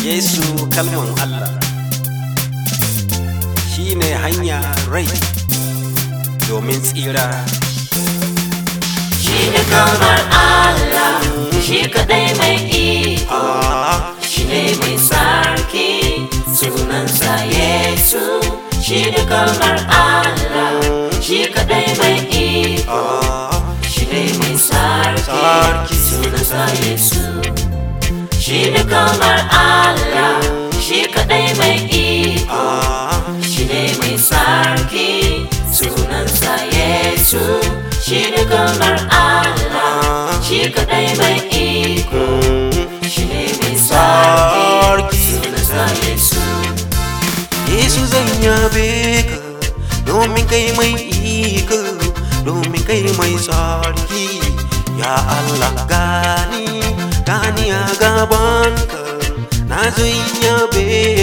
Yesu kalman Allah shi ne hanya rai domin tsira. Shi ne kamar Allah shi kadai mai iko shi ne mai tsarki sunansa Yesu shi ne kamar Allah shi kadai mai iko shi ne mai tsarki sunansa Yesu. kamar Allah shi kadai mai iko shi ne mai sarki sunansa Yesu shi ne kamar Allah shi kadai mai iko shi ne mai sarki sunansa Yesu Yesu zan yabe ka domin kai mai iko domin kai mai sarki ya Allah gani gani a ka! na zai ya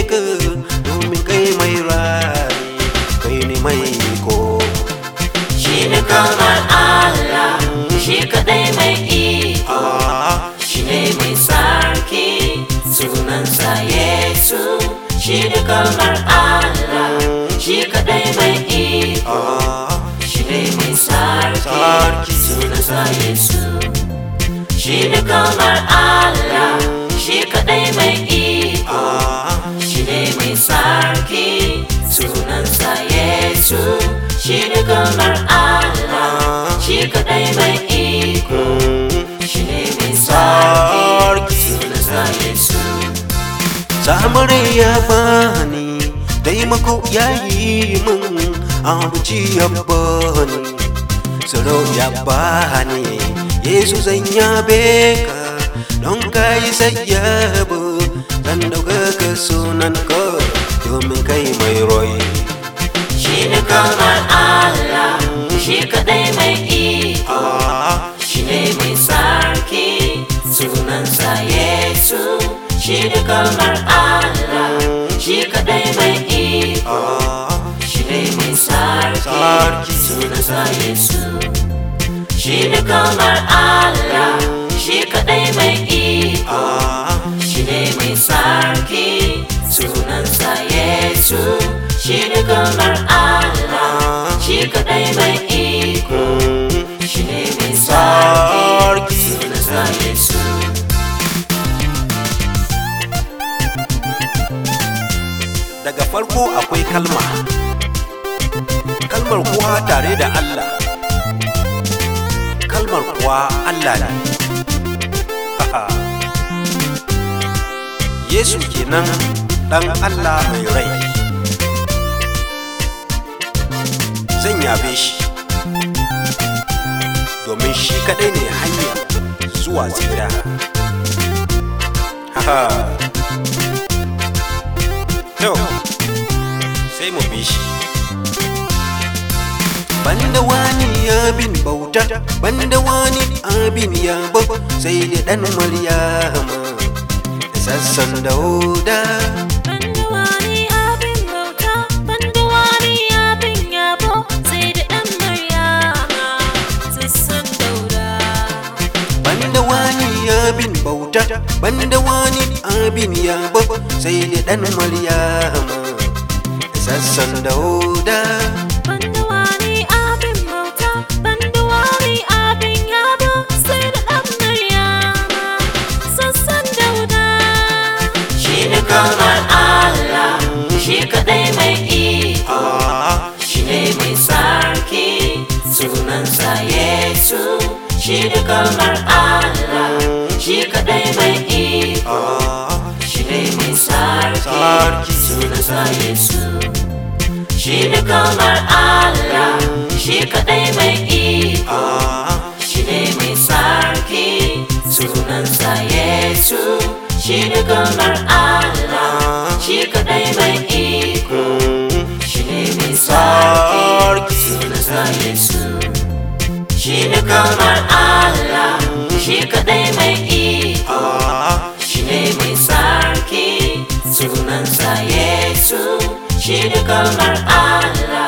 ka domin kai mai rari kai ne mai ko shi ne kamar Allah shi kadai mai iko shi ne mai sarki sunansa Yesu shi ne kamar Allah shi kadai mai iko shi ne mai sarki sunansa Yesu shi ne kamar Allah shi kadai mai iko shi ne mai sarki sunansa Yesu shi ne kamar Allah shi kadai mai iko shi ne mai sarki sunansa Yesu Samari ya bani taimako ya yi min abuci ya bani tsaro ya bani yesuusan beka don ka isa yabo zan ka sunan ka domin kai mai royi shi ne kamar Allah shi kaɗai mai iko shi ne mai sarki sa Yesu shi ne kamar Allah shi kaɗai mai iko shi ne mai sarki sa Yesu shi ne kamar Allah shi kadai mai iko shi ne mai sarki sunansa Yesu shi ne kamar Allah shi kadai mai iko shi ne mai sarki sunansa Yesu daga farko akwai kalma kalmar kuwa tare da Allah kalmar kuwa Allah ne. Yesu kenan ɗan Allah mai rai. Zan yabe shi, domin shi kaɗai ne hanya zuwa tsira. Yau, sai mu bi shi. banda wani abin bauta banda wani abin yabo sai da dan maryama sassan dauda banda wani abin bauta banda wani abin yabo sai da dan maryama sassan dauda banda wani abin bauta banda wani abin yabo sai da dan maryama sassan dauda kalmar Allah shi kadai mai iko shi ne mai sarki sunansa Yesu shi ne kalmar Allah shi kadai mai iko shi ne Allah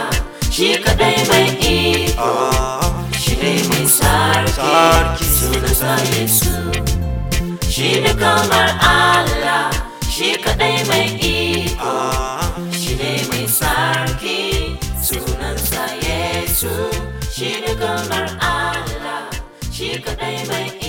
shi kadai mai iko shi ne mai sunansa Yesu shi ne Allah shi kadai mai iko shi mai sarki sunansa Yesu shi Allah shi kadai mai